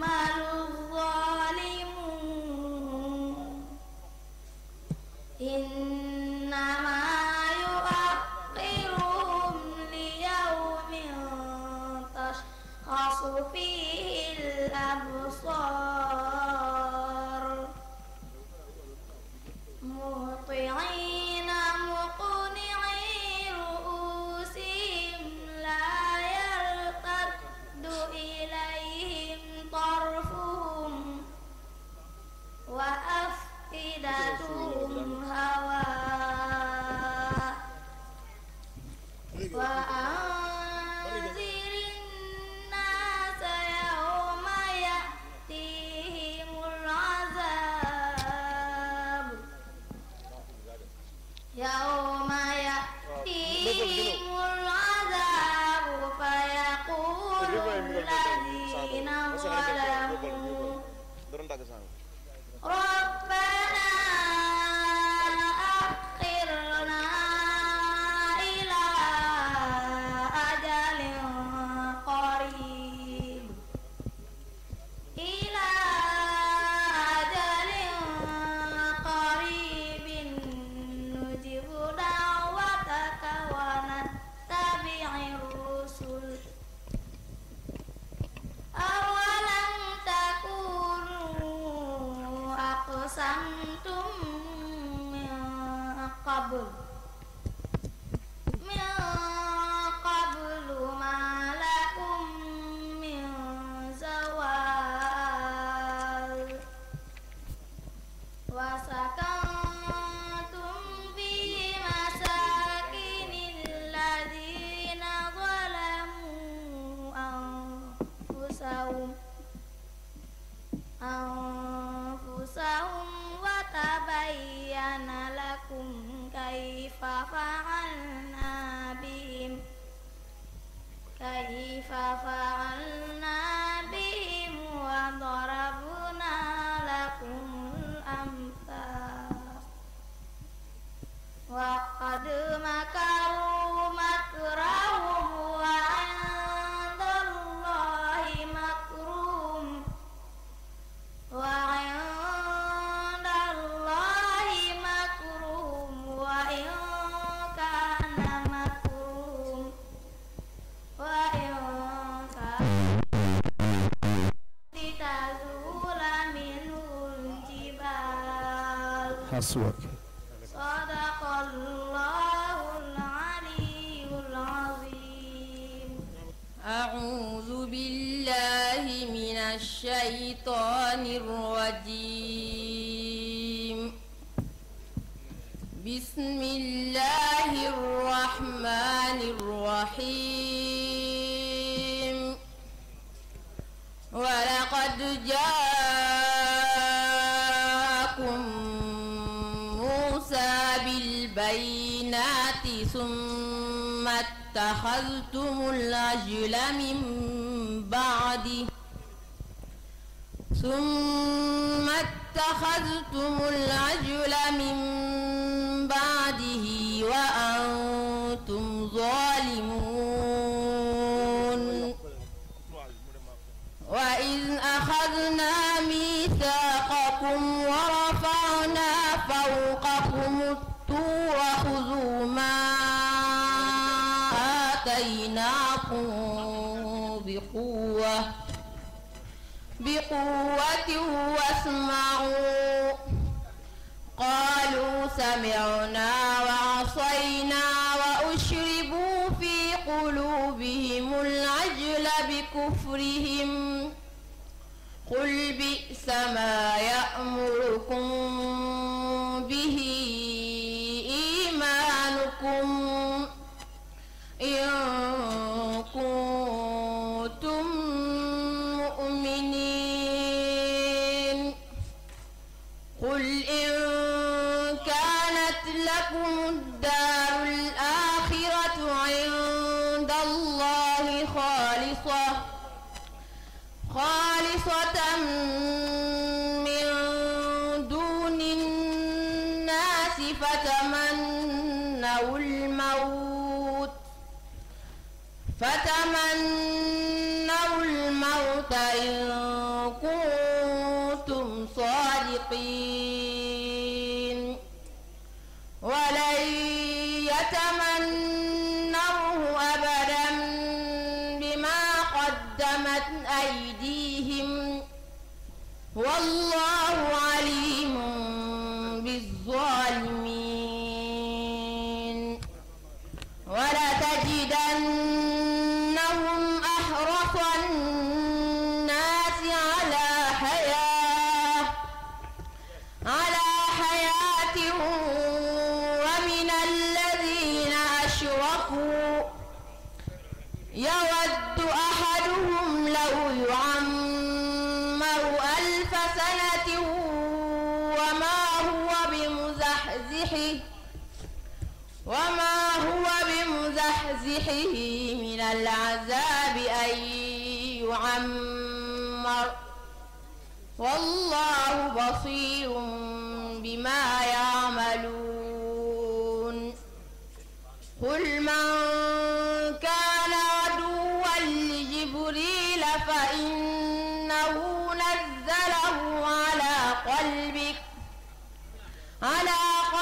ma كيف فعلنا بهم كيف فعلنا بهم وضربنا لكم الأمثال وقد مكروا الأسود صدق الله العلي العظيم أعوذ بالله من الشيطان الرجيم بسم الله الرحمن الرحيم ولقد جاء اتخذتم العجل من بعدي ثم اتخذتم العجل من بعده وأنتم ظالمون وإذ أخذنا ميثاقكم ورأيكم بقوة واسمعوا قالوا سمعنا وعصينا وأشربوا في قلوبهم العجل بكفرهم قل بئس ما يأمركم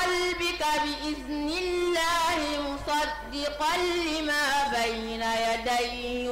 قلبك بإذن الله مصدقا لما بين يديه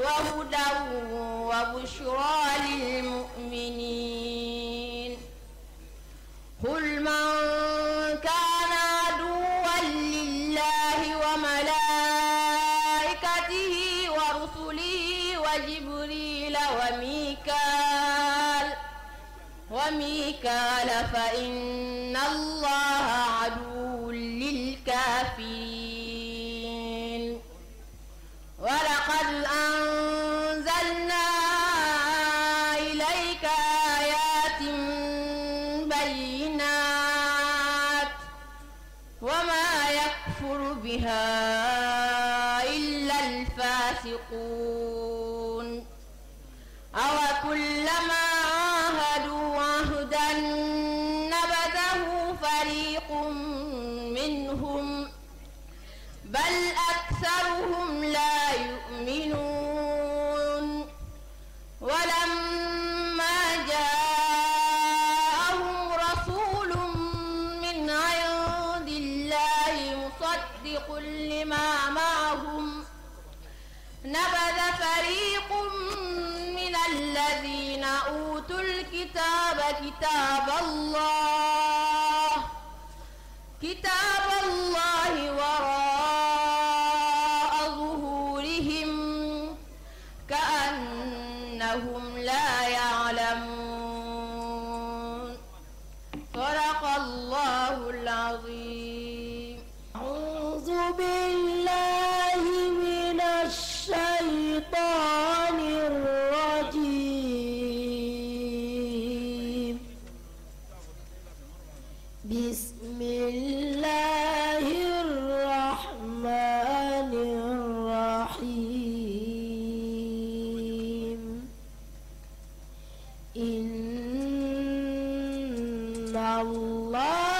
الله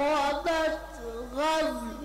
عقبت غزل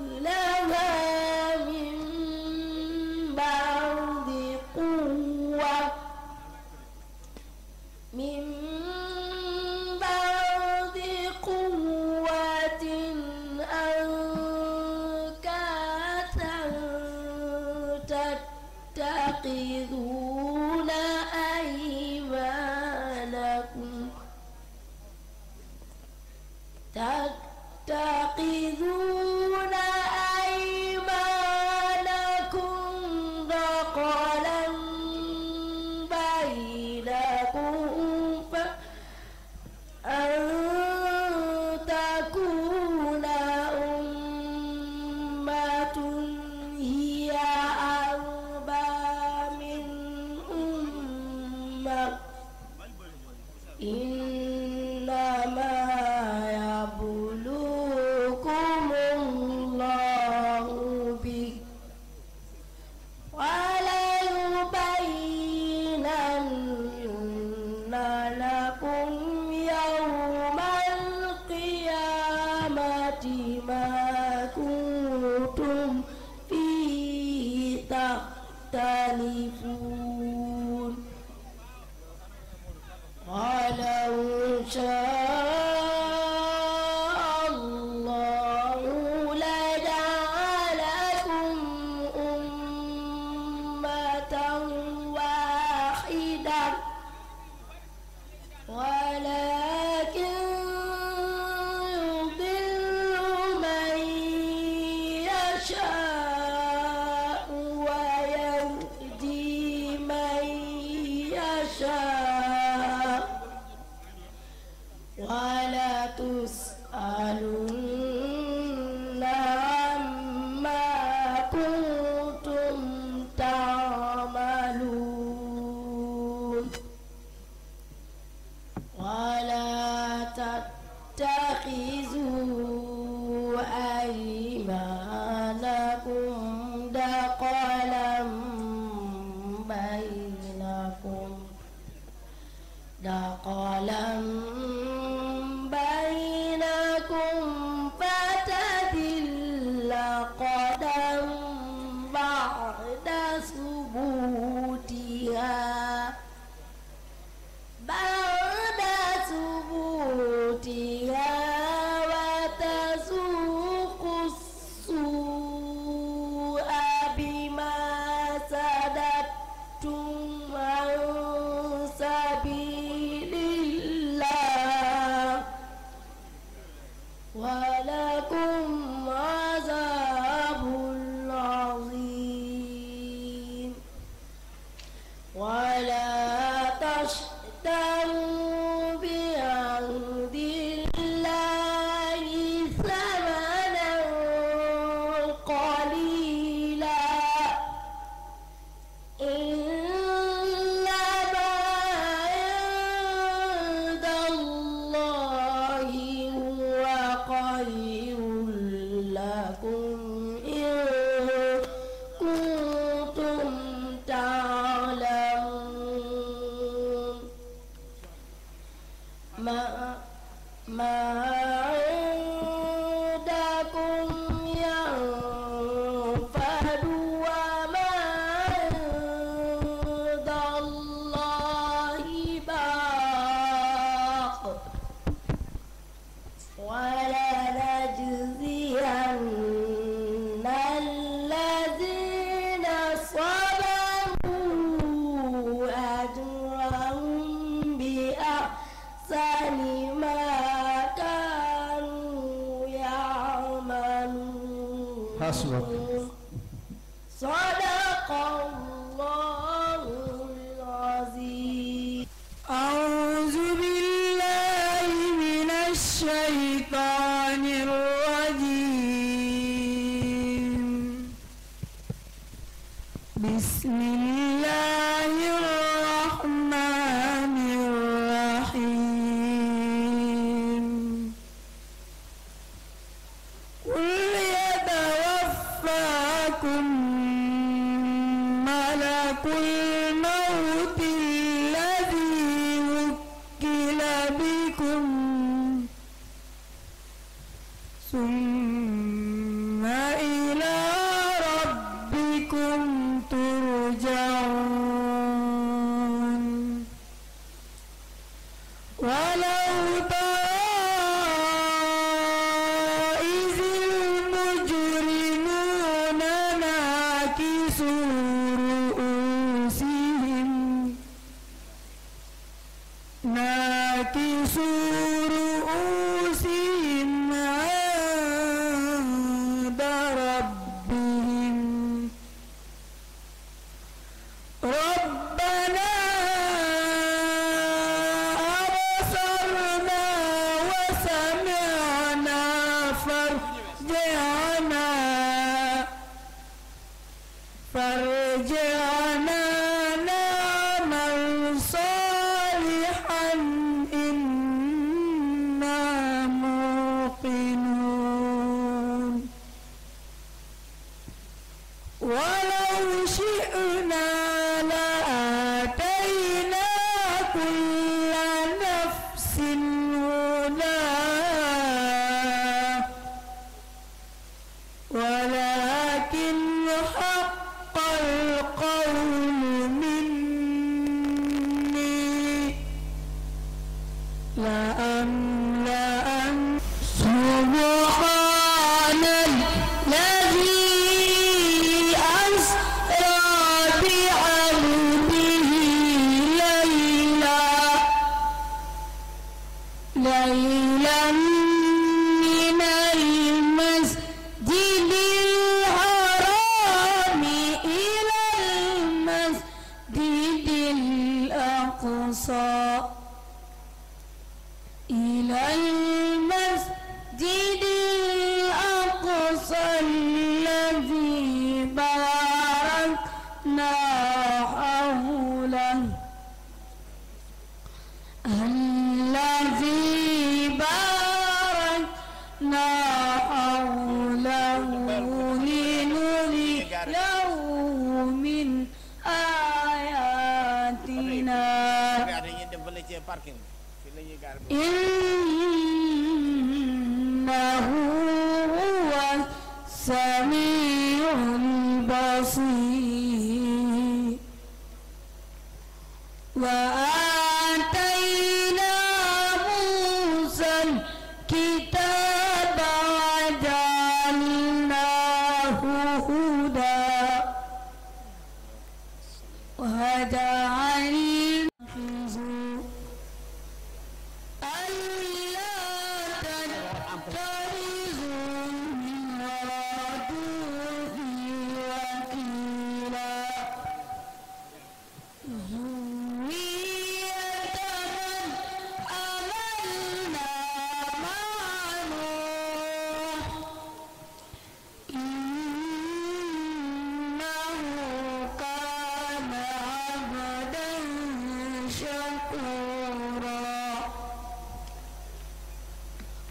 passos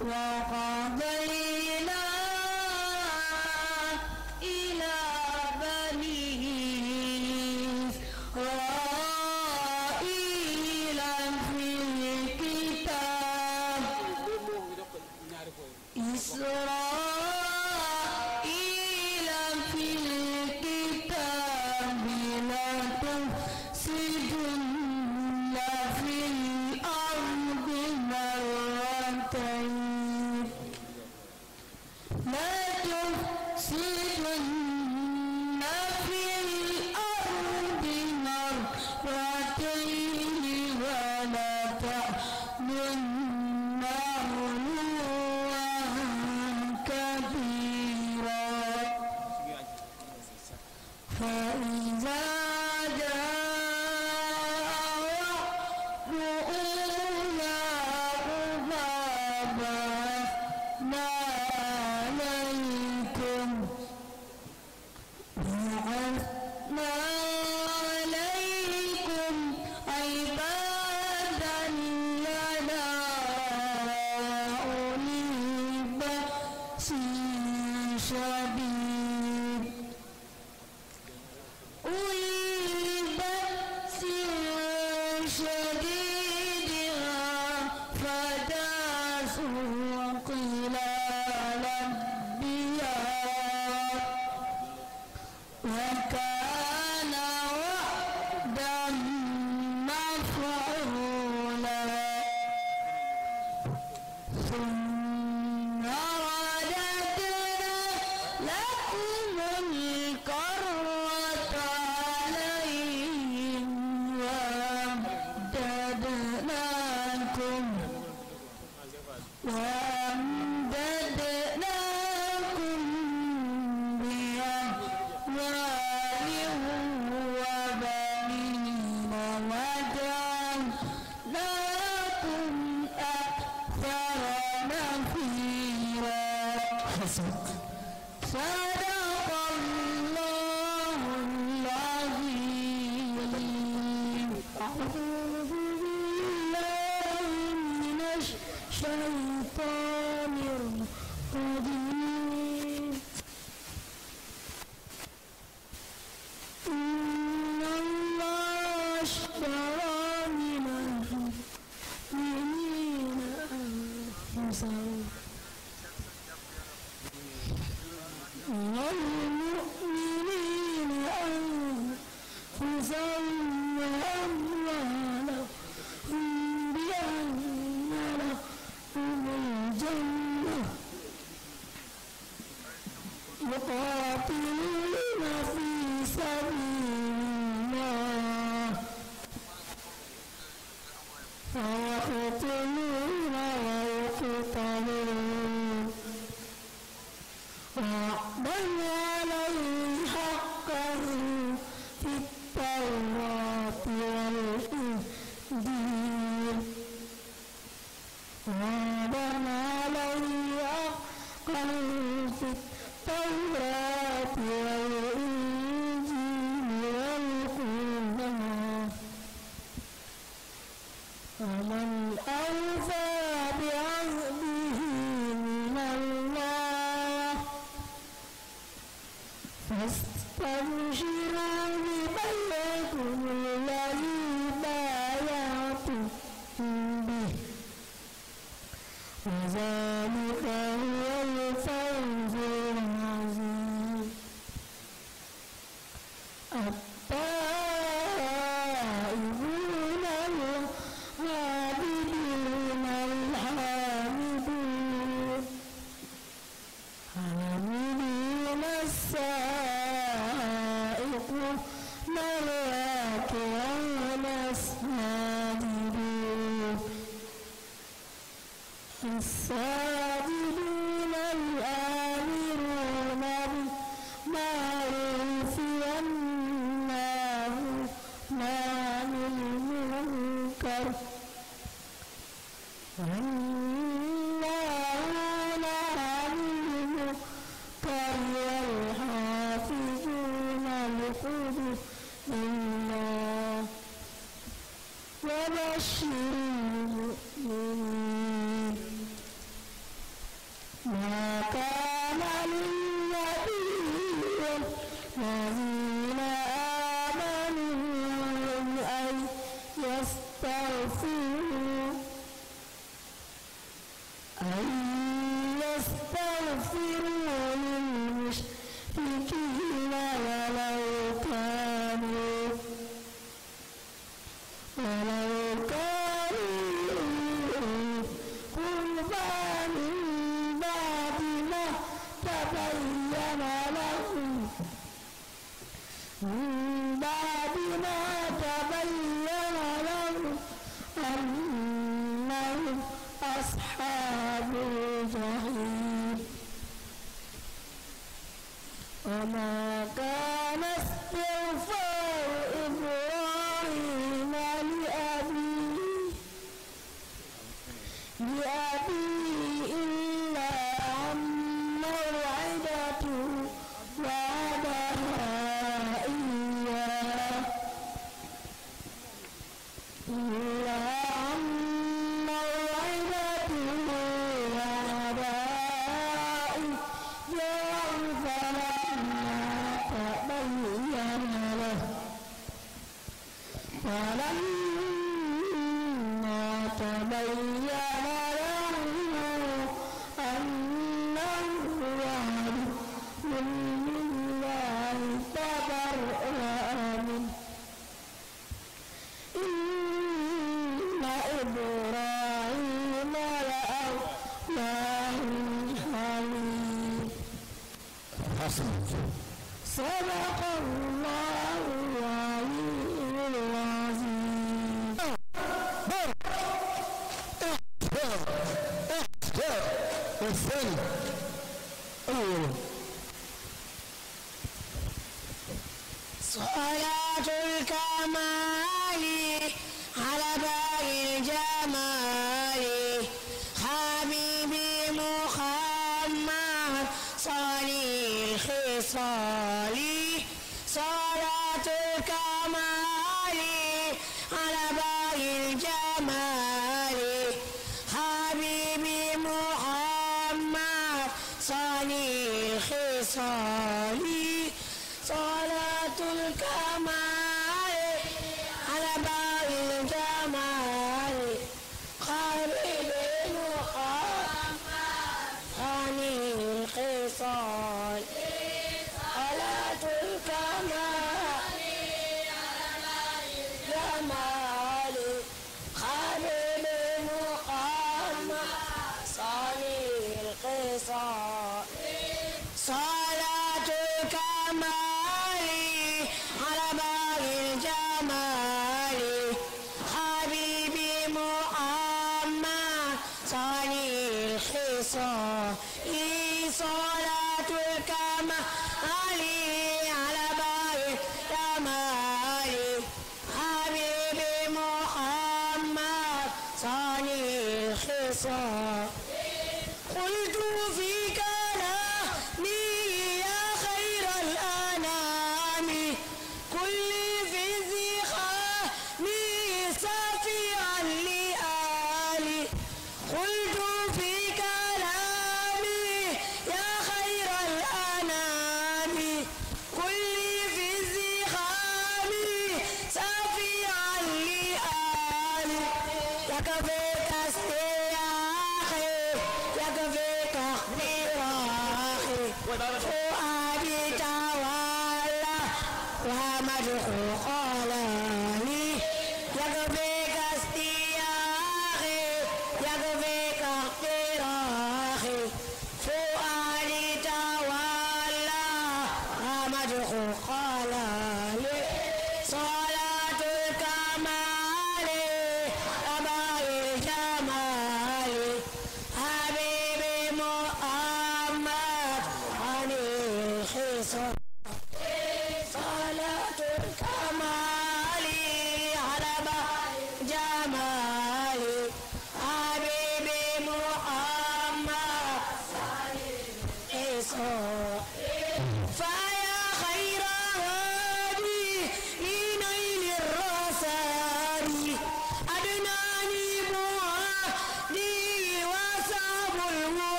وقضينا Senghor فلما تبين عصا قلت في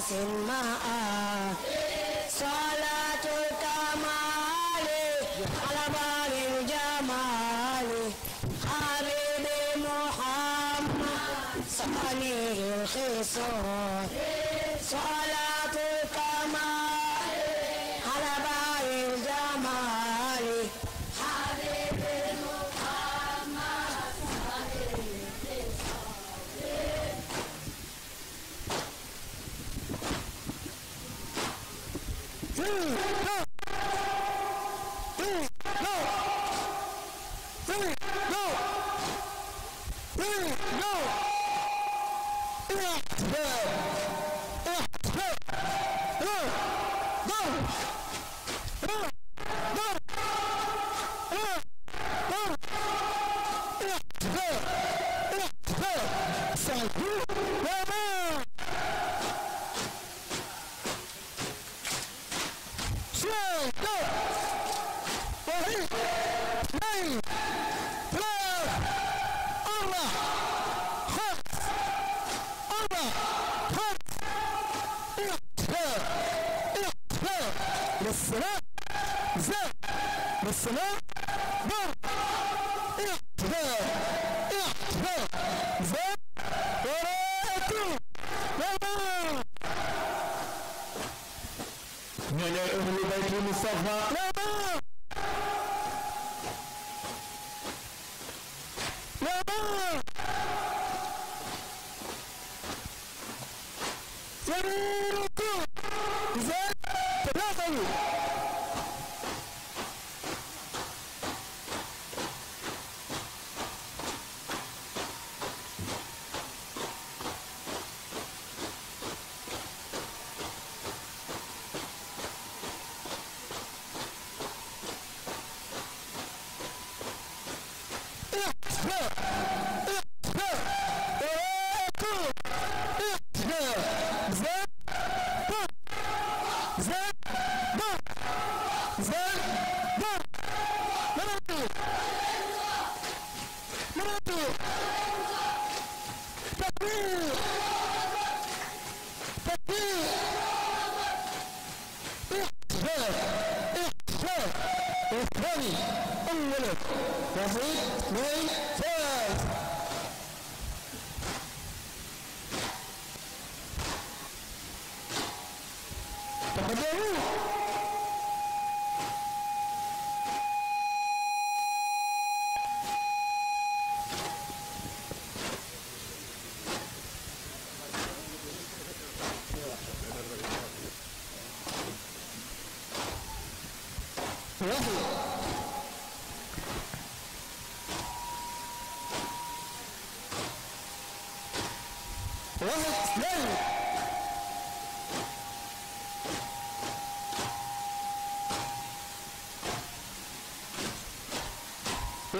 وحسن معا صلاة الكمال على بال الجمال حبيبي محمد صنيع الخصال ñoo ñooy ahlu bayti Mustafa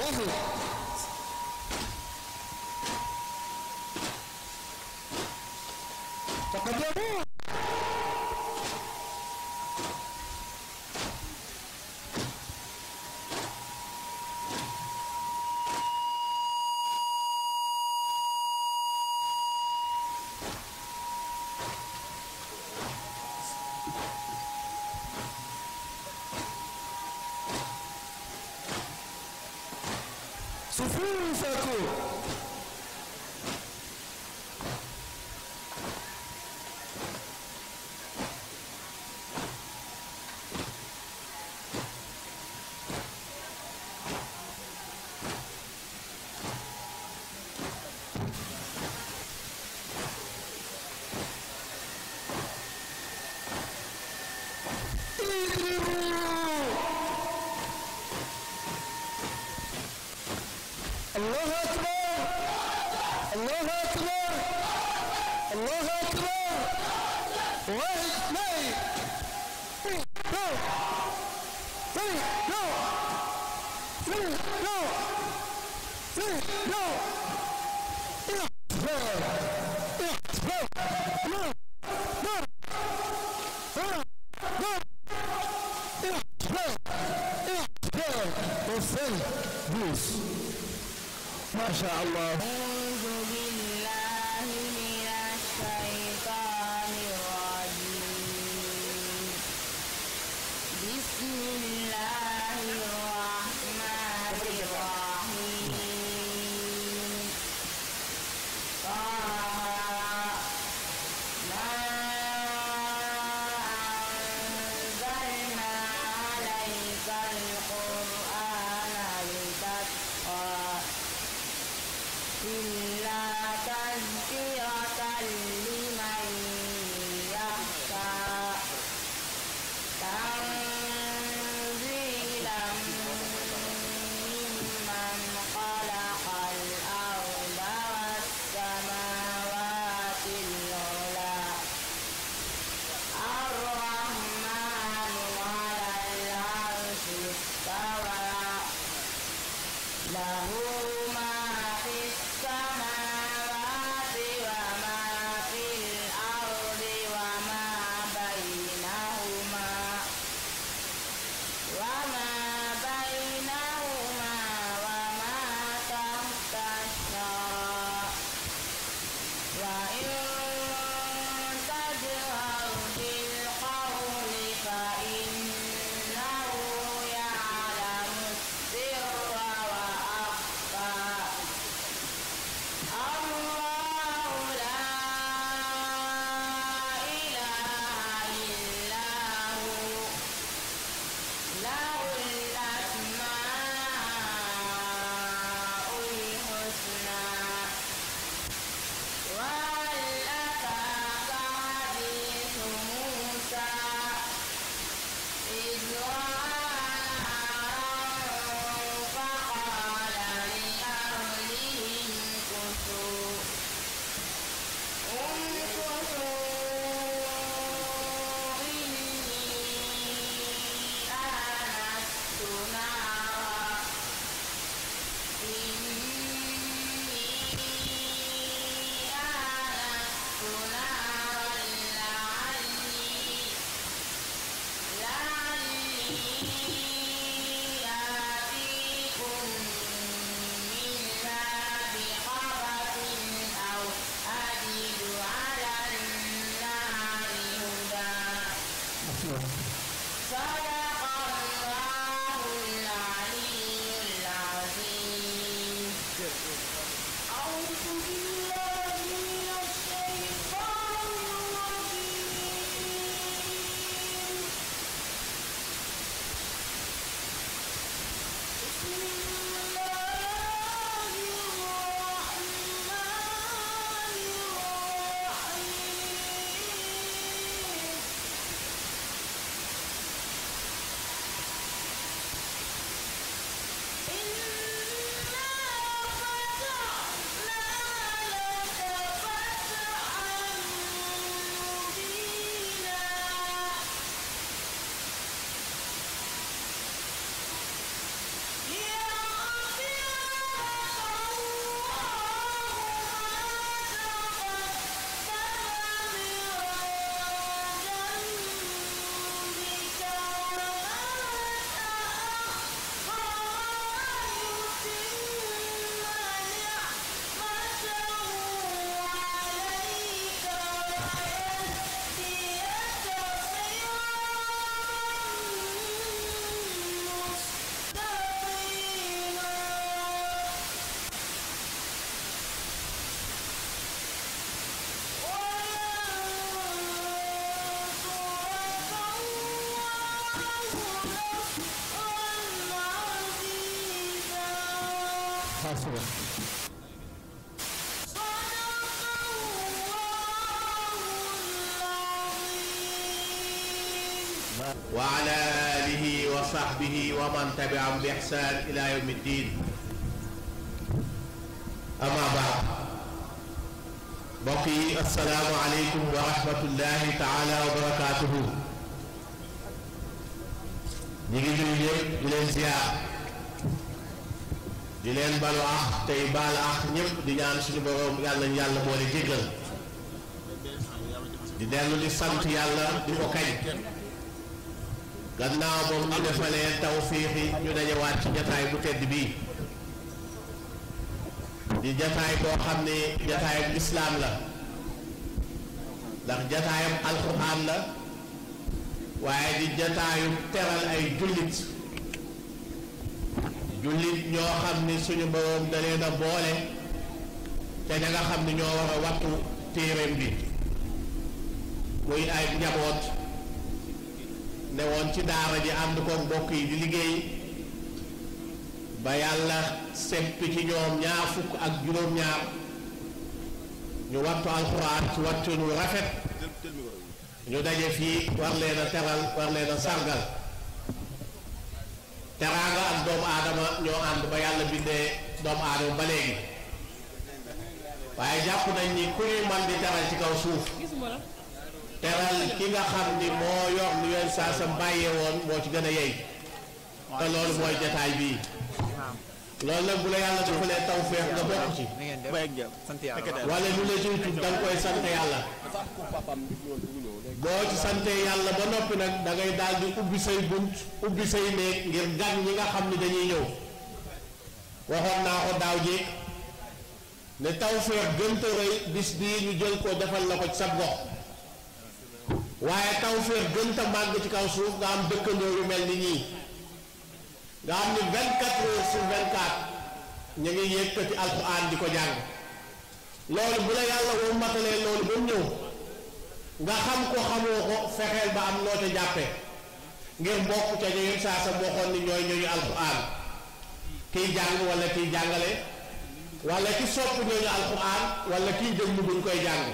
Novo? نفوسكم tabi'ahum bi ihsan ila yawmi ddin amma ba'd mbokk yi assalaamu aleykum wa taala wa barakatuhu ñi ngi nuyu ñëpp di ziar di leen balu ax tey baal ax ñëpp di ñaan suñu borom yàlla ñu yàlla boole jéggal di dellu di sant yàlla di ko gannaaw boobu ñu defalee tawfiix yi ñu dajewaat ci jataay bu tedd bii di jataay boo xam ne jataayam islaam la ndax jataayam alxuraan la waaye di jataayum teral ay jullit jullit ñoo xam ni suñu boroom da leen boole te ña nga xam ni ñoo war a wattu téereem bi muy ay njaboot ne woon ci daara ji ànd ko mbokk yi di liggéey ba yàlla seppi ci ñoom ñaar fukk ak juróom-ñaar ñu wattu alxuraan ci wattu rafet ñu daje fii war leen a teral war leen a sargal ak doomu aadama ñoo ànd ba yàlla bindee doomu aadama ba léegi waaye jàpp nañ ni ku ñuy man di teral ci kaw suuf teral ki nga xam ni moo yor lu yoon saa sa bàyyee woon moo ci gën a yey te loolu mooy jataay bii loolu nag bu la yàlla defalee tawféex nga bokk ci wala lu la ciy tudd da nga koy sant yàlla boo ci sante yàlla ba noppi nag da ngay daal di ubbi say bunt ubbi say néeg ngir gan ñi nga xam ni dañuy ñëw waxoon naa ko daaw jéeg ne tawféex gën te bis bii ñu jël ko defal la ko ci sa gox waaye tawféex gën ta màgg ci kaw suuf nga am dëkkandoo yu mel ni ñii nga xam ni 24 heures sur 24 ñu ngi yëkkati alxuraan di ko jàng loolu bu la yàlla woo matalee loolu ba ñëw nga xam ko xamoo ko fexeel ba am noo ca jàppe ngir mbokk ca ñoom saa sa bokkoon ni ñooy kiy jàng wala kiy jàngale wala ki sopp ñooñu alxuraan wala kiy déglu buñ koy jàng.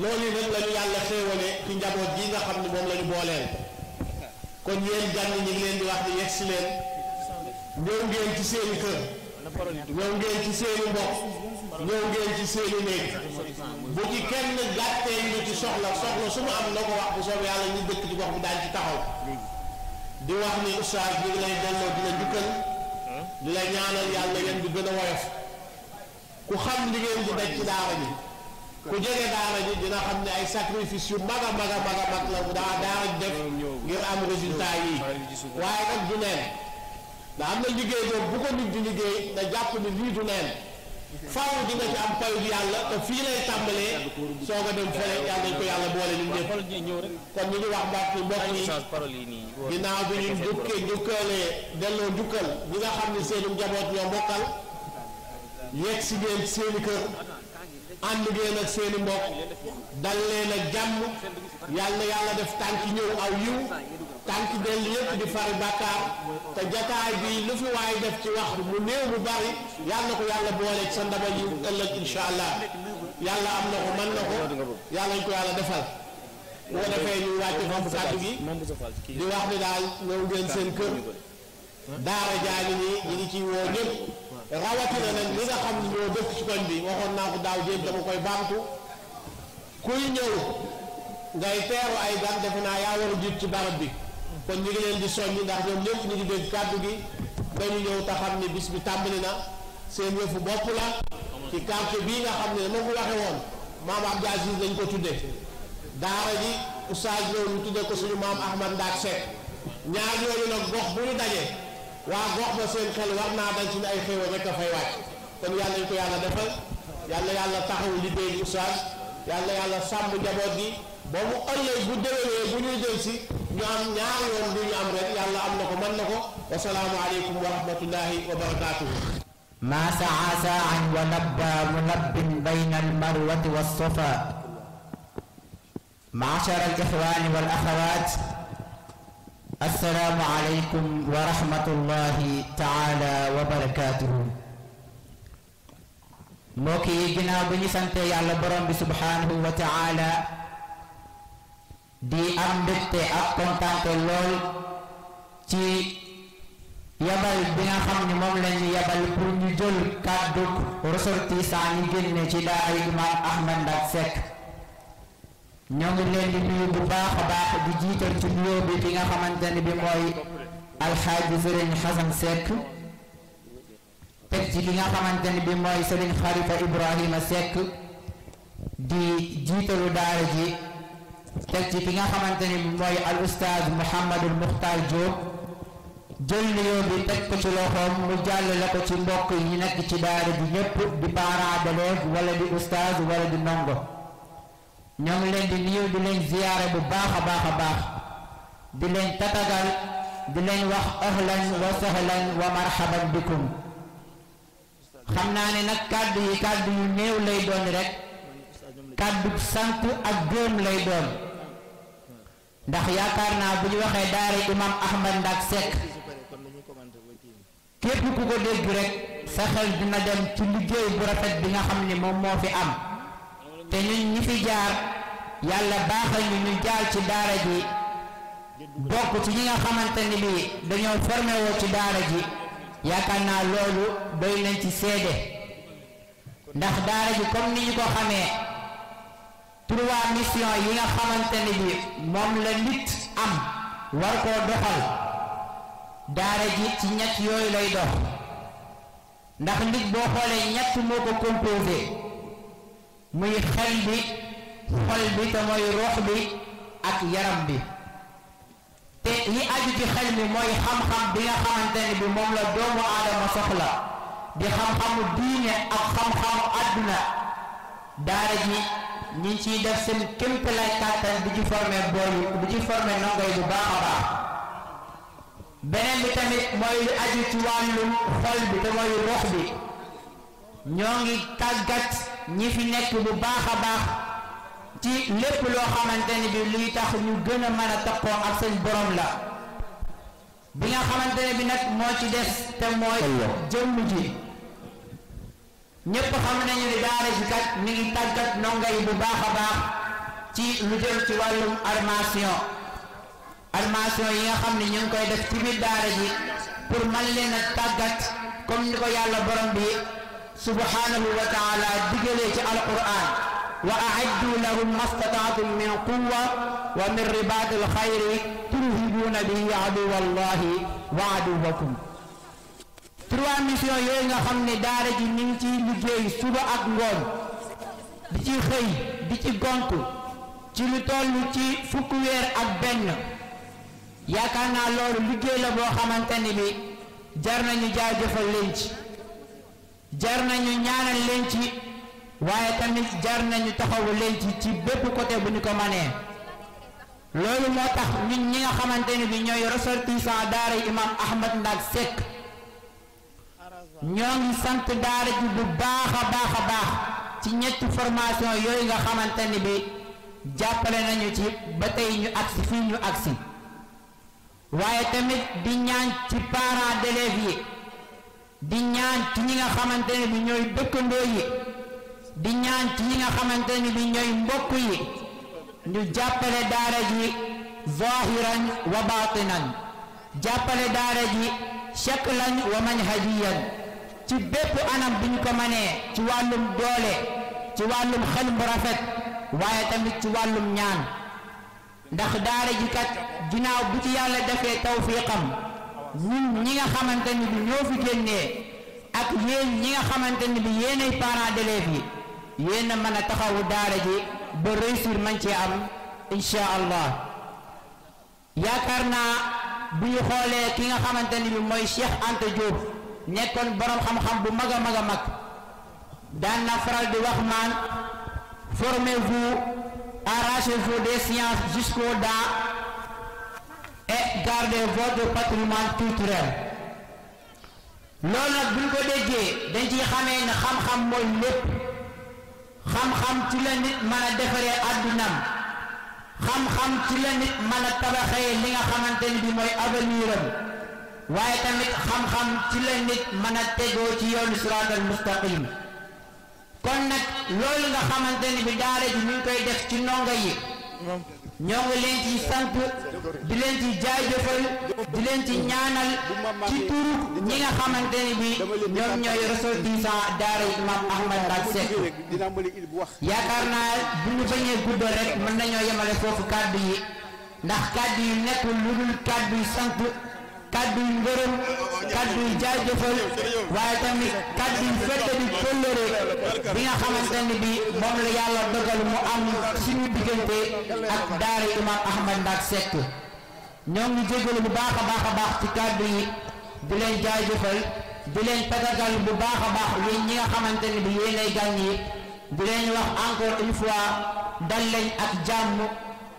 loolu nag la yàlla xéewale ci njaboot gi nga xam ne moom la ñu booleel kon yéen gan ñi ñu leen di wax ni yegg si leen ñëw ngeen ci seen i kër ñëw ngeen ci seen i mbokk ñëw ngeen ci seen i néeg bu ci kenn gàttee ñu ci soxla soxla su mu am na ko wax bu soobee yàlla ñu dëkk ci gox bi daañu ci taxaw di wax ni oustaz ñu ngi lay delloo di la di la ñaanal yàlla yéen di gën a woyof ku xam li ngeen di daj ci daara ji ku jege daara ji dina xam ne ay sacrifice yu mag a mag a mag a mag la daa daara ji def ngir am résultat yi waaye nag du neen da am na liggéey boobu bu ko nit di liggéey da jàpp ni lii du neen faaw di ci am payu bi yàlla te fii lay tàmbalee soo ko dem fële yàlla ko yàlla boole ñun ñëpp kon ñu ngi wax mbokk mbokk yi ginnaaw bi ñu njukkee njukkalee delloo njukkal ñi nga xam ne seenu njaboot ñoo mbokkal yegg si ngeen seeni kër ànd ngeen ak seeni mbokk dal leen ak jàmm yàlla yàlla def tànk ñëw aw yiw tànk dellu yépp di fari bàkkaar te jataay bi lu fi waay def ci wax mu néew bari yàlla ko yàlla boole sa ndabal yiw ëllëg insha allah yàlla am na ko mën na ko yàlla ñu ko yàlla defal bu ko defee ñu wàcc foofu kàddu gi di wax ni daal ñëw ngeen seen kër daara jaani nii ñu ngi ciy woo ñëpp rawatina nag ñi nga xam ñoo dëkk ci bi waxoon naa ko daaw jéeg dama koy baamtu kuy ñëw ngay teeru ay gan defe naa yaa war jiit ci barab bi kon ñu ngi leen di soññi ndax ñoom ñëpp ñu ngi gi dañu ñëw te ni bis bi tàmbali na seen yëfu bopp la ci quartier bii nga xam ne dama ko waxe woon maam Abdou Aziz dañ ko tudde daara ji oustaz loolu ñu tudde ko suñu maam Ahmad Ndaat Seck ñaar yooyu nag gox bu ñu dajee waa gox ba seen xel war naa dañ ci ne ay xéewal rek fay wàcc kon yàlla ñu ko yàlla defal yàlla yàlla taxaw liggéey bu ustaas yàlla yàlla sàmm njaboot gi ba mu bu déwénee bu ñuy jël ñu am ñaar yoon du ñu am rek yàlla am na ko mën na ko wasalaamu aleykum wa rahmatullahi wa barakaatuhu ما سعى ساعا ونبى منب بين المروة والصفا معشر الإخوان والأخوات assalaamu aleykum wa rahmatullahi taala wa barakaatuhu mbokk yi ginnaaw sante yàlla borom bi subhaanahu wa di am ak kontaante lool ci yabal bi nga xam ne moom lañu yabal pour ñu jël kàddu ressortissant yi génne ci daara Imam Ahmed Ndack Seck ñoo ngi leen di nuyu bu baax baax di jiital ci nuyoo bi ki nga xamante ne bi mooy alxaaji sëriñ Xasan Seck teg ci ki nga xamante ne bi mooy sëriñ Xalifa Ibrahima Seck di jiitalu daara ji teg ci ki nga xamante ne bi mooy al ustaaz Mouhamadul Muxtaar Diop jël nuyoo bi teg ko ci loxoom mu jàllale ko ci mbokk yi nekk ci daara ji ñëpp di parents d'élèves wala di ustaaz wala di ndongo ñoo ngi leen di nuyu di leen ziyaare bu baax a baax a baax di leen tatagal di leen wax ahlan wa sahlan wa marhaban bikum xam naa ne nag kàddu yi kàddu yu néew lay doon rek kàddu sant ak gërëm lay doon ndax yaakaar naa bu ñu waxee daara imam Ahmad Ndack Seck képp ku ko dégg rek sa xel dina dem ci liggéey bu rafet bi nga xam ni moom moo fi am te ñu ñi fi jaar yàlla baaxal ñu ñu jaar ci daara ji bokk ci ñi nga xamante ni bi dañoo formé ci daara ji yaakaar naa loolu doy nañ ci seede ndax daara ji comme ni ñu ko xamee trois mission yi nga xamante ni bi moom la nit am war koo doxal daara ji ci ñett yooyu lay dox ndax nit boo xoolee ñett moo ko composé muy xel bi xol bi te mooy ruux bi ak yaram bi te li aju ci xel mi mooy xam-xam bi nga xamante ne bi moom la doomu aadama soxla di xam-xamu diine ak xam-xamu àdduna daara ji ñi ngi ciy def seen kémtalaay kàttan di ci formé boobu di ci formé nangoy bu baax a baax beneen bi tamit mooy li aju ci wàllum xol bi te mooy ruux bi ñoo ngi tàggat ñi fi nekk bu baax a baax ci lépp loo xamante ni bi luy tax ñu gën a mën a takkoo ak seen borom la bi nga xamante bi nag moo ci des te mooy jëmm ji ñépp xam nañu ni daara ji kat mi ngi tàggat ndongo yi bu baax a baax ci lu jëm ci wàllum armation armation yi nga xam ne ñu ngi koy def ci biir daara ji pour man leen a tàggat comme ni ko yàlla borom bi subhanahu wa taala digalee ci alquran wa aaddu lahum mastataatum min quwa wa min ribaat alxayri turhibuuna bihi aduwa allahi wa aduwakum trois missions yooyu nga xam ne daara ji ñu ngi liggéey suba ak ngoon di ci xëy di ci gontu ci lu toll ci fukk weer ak benn yaakaar naa loolu liggéey la boo xamante ni bi jar nañu jaajëfal leen jar nañu ñaanal leen ci waaye tamit jar nañu taxawu leen ci ci bépp côté bu ñu ko manee loolu moo tax ñun ñi nga xamante ne bi ñooy ressortissant daara imam Ahmad Ndak Seck ñoo ngi sant daara ji bu baax a baax a baax ci ñetti formation yooyu nga xamante ni bi jàppale nañu ci ba tey ñu agsi fii ñu agsi waaye tamit di ñaan ci parents d'élèves yi di ñaan ci ñi nga xamante ne bi ñooy dëkkandoo yi di ñaan ci ñi nga xamante ne bi ñooy mbokk yi ñu jàppale daara ji zahiran wa batinan jàppale daara ji shaklan wa manhajiyan ci bépp anam bu ñu ko mënee ci wàllum doole ci wàllum xel bu rafet waaye tamit ci wàllum ñaan ndax daara ji kat ginnaaw bu ci yàlla defee tawfiqam ñun ñi nga xamante ni bi ñoo fi génnee ak yéen ñi nga xamante ni bi yéenay parents d'élèves yi yéen a mën a taxawu daara ji ba réussir man ci am incha allah yaakaar naa bu ñu xoolee ki nga xamante ni bi mooy Cheikh Anta Diop nekkoon borom xam-xam bu mag a mag a mag daan na faral di wax maan formez-vous arrachez-vous des sciences jusqu'au dents et garder votre patrimoine culturel loolu nag buñ ko déggee dañ ciy xamee ne xam-xam mooy lépp xam-xam ci la nit mën a defaree àddunam xam-xam ci la nit mën a tabaxee li nga xamante bi mooy avenir waaye tamit xam-xam ci la nit mën a tegoo ci yoonu siraatal mustaqim kon nag loolu nga xamante bi daara ji ñu koy def ci ndongo yi ñoo ngi leen ci sant di leen ci jaajëfal di leen ci ñaanal ci turu ñi nga xamante ne bi ñoom ñooy ressortissant daara Imam Ahmad Ndack Seck yaakaar naa bu ñu bañee guddal rek mën nañoo yemale foofu kàddu yi ndax kàddu yi nekkul lu dul kàddu yi sant kaddu yu ngërëm kaddu yu jaajëfal waaye tamit kaddu yu feddali kóllëre bi nga xamante bi moom la yàlla dogal mu am suñu diggante ak daara imam Ahmad Ndack Seck ñoo ngi jégalu bu baax a baax a baax ci kaddu yi di leen jaajëfal di leen tatagal bu baax a baax yéen ñi nga xamante ni bi yéen lay gàññi di leen wax encore une fois dal ak jàmm